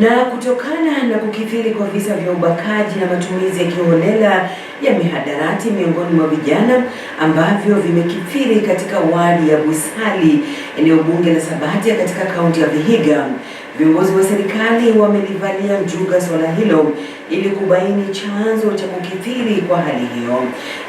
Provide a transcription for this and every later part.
Na kutokana na kukithiri kwa visa vya ubakaji na matumizi ya kiholela ya mihadarati miongoni mwa vijana ambavyo vimekithiri katika wadi ya Busali, eneo bunge la Sabatia katika kaunti ya Vihiga, Viongozi wa serikali wamelivalia mjuga swala hilo ili kubaini chanzo cha kukithiri kwa hali hiyo.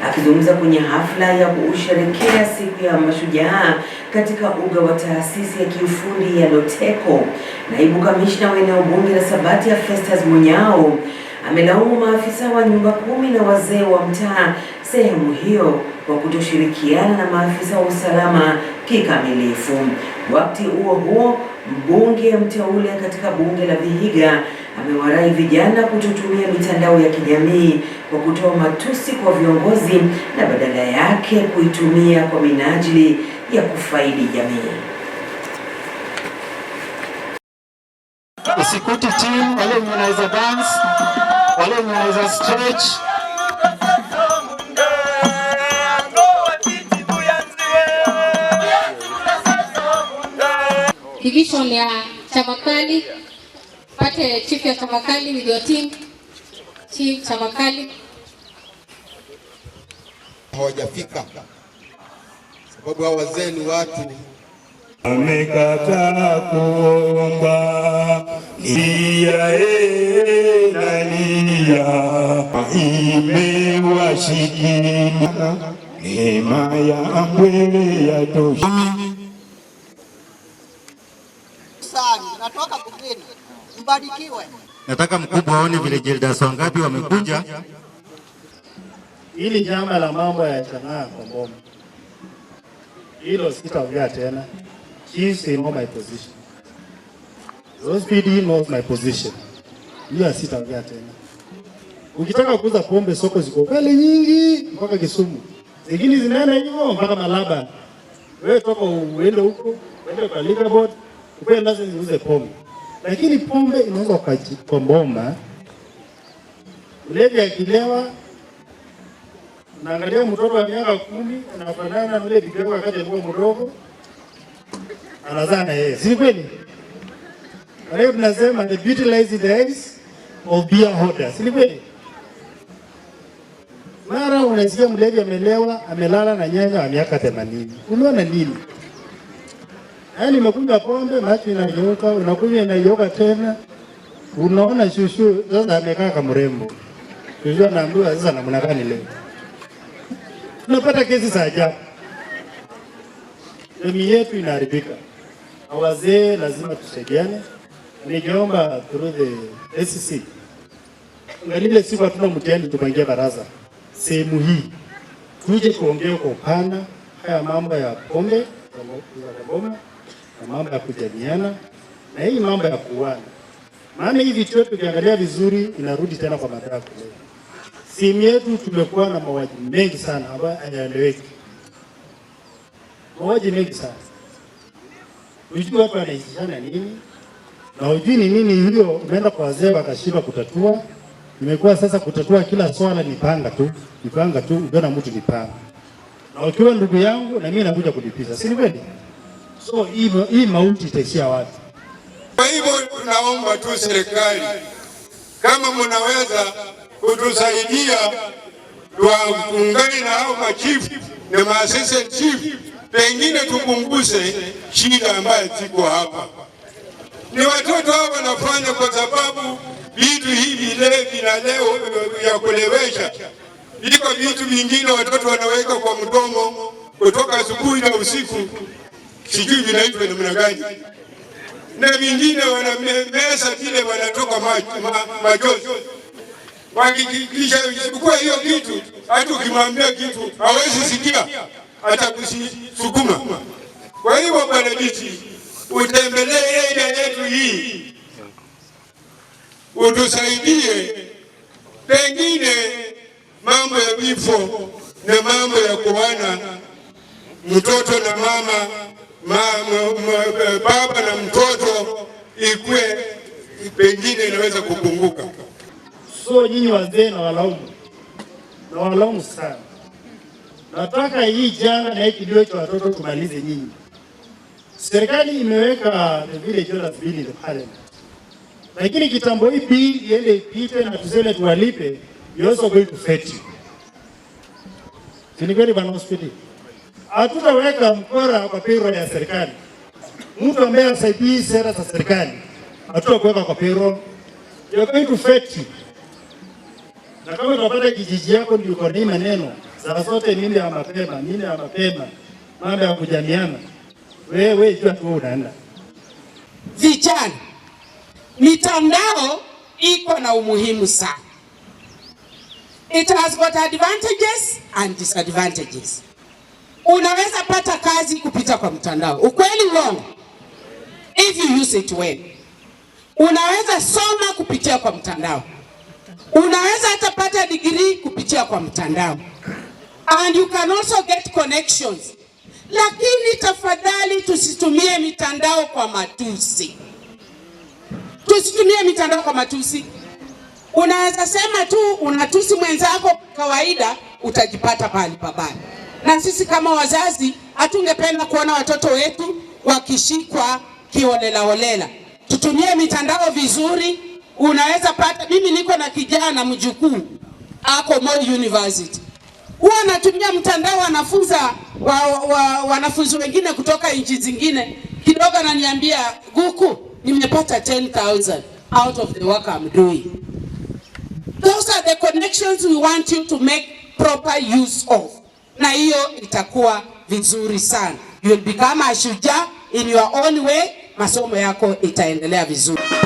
Akizungumza kwenye hafla ya kusherekea siku ya mashujaa katika uga wa taasisi ya kiufundi ya Loteko, naibu kamishna wa eneo bunge la Sabati ya Festus Munyao amelaumu maafisa wa nyumba kumi na wazee wa mtaa sehemu hiyo kwa kutoshirikiana na maafisa wa usalama kikamilifu. Wakati huo huo Mbunge mteule katika bunge la Vihiga amewarai vijana kutotumia mitandao ya kijamii kwa kutoa matusi kwa viongozi na badala yake kuitumia kwa minajili ya kufaidi jamii. Usikute team wale mnaweza dance, wale mnaweza stretch division ya Chamakali, pate chief ya Chamakali with your team. Chief Chamakali hawajafika sababu hao wazee ni watu amekataa kuomba lia ela lia imewashikina neema ya ambwele ya tosha mbarikiwe. Nataka mkubwa aone vile Gildas wangapi wamekuja ili jama la mambo ya chanaa kwa Kongoma, hilo sitaongea tena. She know my position. those PD knows my position. Hiyo sitaongea tena. Ukitaka kuuza pombe, soko ziko pale nyingi mpaka Kisumu, zingine zinaenda hivyo mpaka Malaba. Wewe toka uende huko, uende kwa liquor board, upewe lazima uze pombe lakini pombe inaweza ukajikomboa. ulevi akilewa, naangalia mtoto wa miaka kumi anafanana na yule bibi wakati alikuwa mdogo, anazaa na yeye, si kweli? Kwa tunasema the brutalized lives of beer holders, si kweli? Mara unasikia mlevi amelewa, amelala na nyanya wa miaka 80. Umeona nini? yaani umekunywa pombe maji inageuka, unakunywa inageuka tena, unaona shushu sasa amekaa kama mrembo. Shushu anaambiwa sasa namna gani leo? Tunapata kesi za ajabu, jamii yetu inaharibika. Wazee lazima tusaidiane. Nijomba through the SCC ngalile siku hatuna mtihani, tupangia baraza sehemu hii tuje kuongea kwa upana haya mambo ya pombe pombe na mambo ya kujamiana na hii mambo ya kuuana, maana hii vitu yetu ukiangalia vizuri inarudi tena kwa madhara kulevya. Simu yetu tumekuwa na mauaji mengi sana ambayo hayaeleweki, mauaji mengi sana hujui watu wanaishishana nini na ujui ni nini hiyo. umeenda kwa wazee wakashindwa kutatua. Imekuwa sasa kutatua kila swala ni panga tu, ni panga tu, ukiona mtu ni panga, na ukiwa ndugu yangu na mimi nakuja kulipiza, si ni kweli? so hii, hii mauti itaishia wapi? Kwa hivyo tunaomba tu serikali, kama mnaweza kutusaidia, tuungane na hao machifu na maasisi chifu, pengine tupunguze shida ambayo ziko hapa. Ni watoto hao wanafanya kwa sababu vitu hivi levi na leo ya kulewesha viko vitu vingine, watoto wanaweka kwa mdomo kutoka asubuhi na usiku sijui vinaitwa namna gani, na vingine wanamemesa vile wanatoka machozi wakikisha. Isipokuwa hiyo kitu, hata ukimwambia kitu hawezi sikia, atakusukuma. Kwa hivyo, bwana Biti, utembelee eria yetu hii, utusaidie pengine mambo ya vifo na mambo ya kuana mtoto na mama baba na mtoto ikue pengine inaweza kupunguka. So nyinyi wazee na walaumu na walaumu sana. Nataka hii jana na hii kilio cha watoto tumalize nyinyi. Serikali imeweka vile Jonas bili pale, lakini kitambo hii bili iende ipite na tuseme tuwalipe, you also going to kweli bwana hospitali? hatutaweka mkora kwa payroll ya serikali. Mtu ambaye hasaidii sera za serikali hatutakuweka kwa payroll. You are going to Na kama tunapata kijiji yako ndio uko na maneno saa zote mimi ya mapema, mimi ya mapema, mambo ya kujamiana, wewe jua tu unaenda. Vijana, mitandao iko na umuhimu sana. It has got advantages and disadvantages unaweza pata kazi kupita kwa mtandao. Ukweli wrong, If you use it well. Unaweza soma kupitia kwa mtandao, unaweza hata pata degree kupitia kwa mtandao, and you can also get connections. Lakini tafadhali tusitumie mitandao kwa matusi, tusitumie mitandao kwa matusi. Unaweza sema tu unatusi mwenzako kawaida, utajipata pahali pabaya na sisi kama wazazi hatungependa kuona watoto wetu wakishikwa kiolelaolela. Tutumie mitandao vizuri. Unaweza pata, mimi niko na kijana mjukuu ako Moi University, huwa anatumia mtandao, anafunza wa, wa, wanafunzi wengine kutoka nchi zingine. Kidogo ananiambia guku, nimepata 10000 out of the work I'm doing. Those are the connections we want you to make proper use of na hiyo itakuwa vizuri sana. You will become a shujaa in your own way, masomo yako itaendelea vizuri.